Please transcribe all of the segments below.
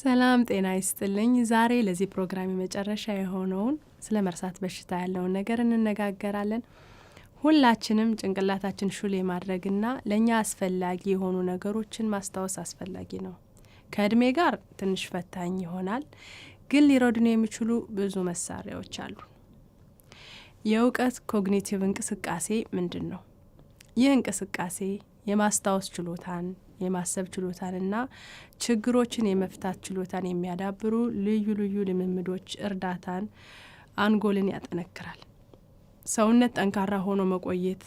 ሰላም ጤና ይስጥልኝ። ዛሬ ለዚህ ፕሮግራም የመጨረሻ የሆነውን ስለ መርሳት በሽታ ያለውን ነገር እንነጋገራለን። ሁላችንም ጭንቅላታችን ሹል የማድረግና ለእኛ አስፈላጊ የሆኑ ነገሮችን ማስታወስ አስፈላጊ ነው። ከእድሜ ጋር ትንሽ ፈታኝ ይሆናል፣ ግን ሊረዱን የሚችሉ ብዙ መሳሪያዎች አሉ። የእውቀት ኮግኒቲቭ እንቅስቃሴ ምንድን ነው? ይህ እንቅስቃሴ የማስታወስ ችሎታን የማሰብ ችሎታንና ችግሮችን የመፍታት ችሎታን የሚያዳብሩ ልዩ ልዩ ልምምዶች እርዳታን አንጎልን ያጠነክራል። ሰውነት ጠንካራ ሆኖ መቆየት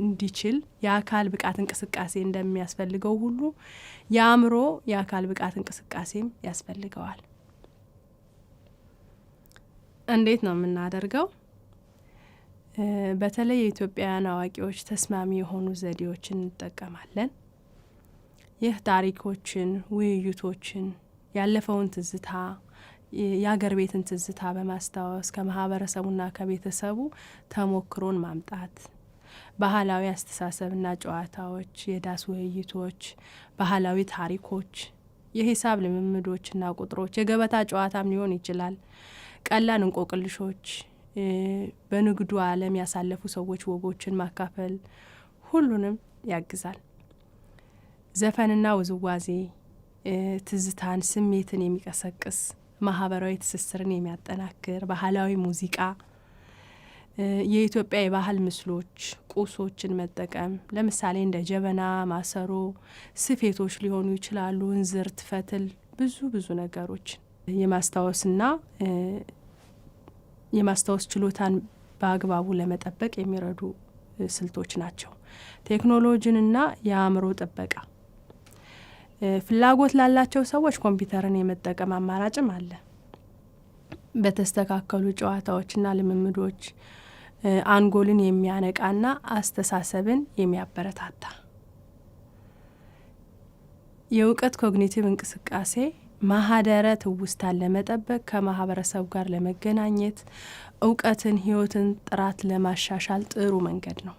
እንዲችል የአካል ብቃት እንቅስቃሴ እንደሚያስፈልገው ሁሉ የአእምሮ የአካል ብቃት እንቅስቃሴም ያስፈልገዋል። እንዴት ነው የምናደርገው? በተለይ የኢትዮጵያውያን አዋቂዎች ተስማሚ የሆኑ ዘዴዎችን እንጠቀማለን። ይህ ታሪኮችን፣ ውይይቶችን፣ ያለፈውን ትዝታ፣ የአገር ቤትን ትዝታ በማስታወስ ከማህበረሰቡና ከቤተሰቡ ተሞክሮን ማምጣት ባህላዊ አስተሳሰብና ጨዋታዎች፣ የዳስ ውይይቶች፣ ባህላዊ ታሪኮች፣ የሂሳብ ልምምዶችና ቁጥሮች፣ የገበታ ጨዋታም ሊሆን ይችላል። ቀላል እንቆቅልሾች፣ በንግዱ ዓለም ያሳለፉ ሰዎች ወጎችን ማካፈል ሁሉንም ያግዛል። ዘፈንና ውዝዋዜ ትዝታን፣ ስሜትን የሚቀሰቅስ ማህበራዊ ትስስርን የሚያጠናክር ባህላዊ ሙዚቃ፣ የኢትዮጵያ የባህል ምስሎች፣ ቁሶችን መጠቀም ለምሳሌ እንደ ጀበና፣ ማሰሮ፣ ስፌቶች ሊሆኑ ይችላሉ። እንዝርት፣ ፈትል፣ ብዙ ብዙ ነገሮች የማስታወስና የማስታወስ ችሎታን በአግባቡ ለመጠበቅ የሚረዱ ስልቶች ናቸው። ቴክኖሎጂንና የአእምሮ ጥበቃ ፍላጎት ላላቸው ሰዎች ኮምፒውተርን የመጠቀም አማራጭም አለ። በተስተካከሉ ጨዋታዎችና ልምምዶች አንጎልን የሚያነቃና አስተሳሰብን የሚያበረታታ የእውቀት ኮግኒቲቭ እንቅስቃሴ ማህደረ ትውስታን ለመጠበቅ ከማህበረሰብ ጋር ለመገናኘት እውቀትን፣ ህይወትን ጥራት ለማሻሻል ጥሩ መንገድ ነው።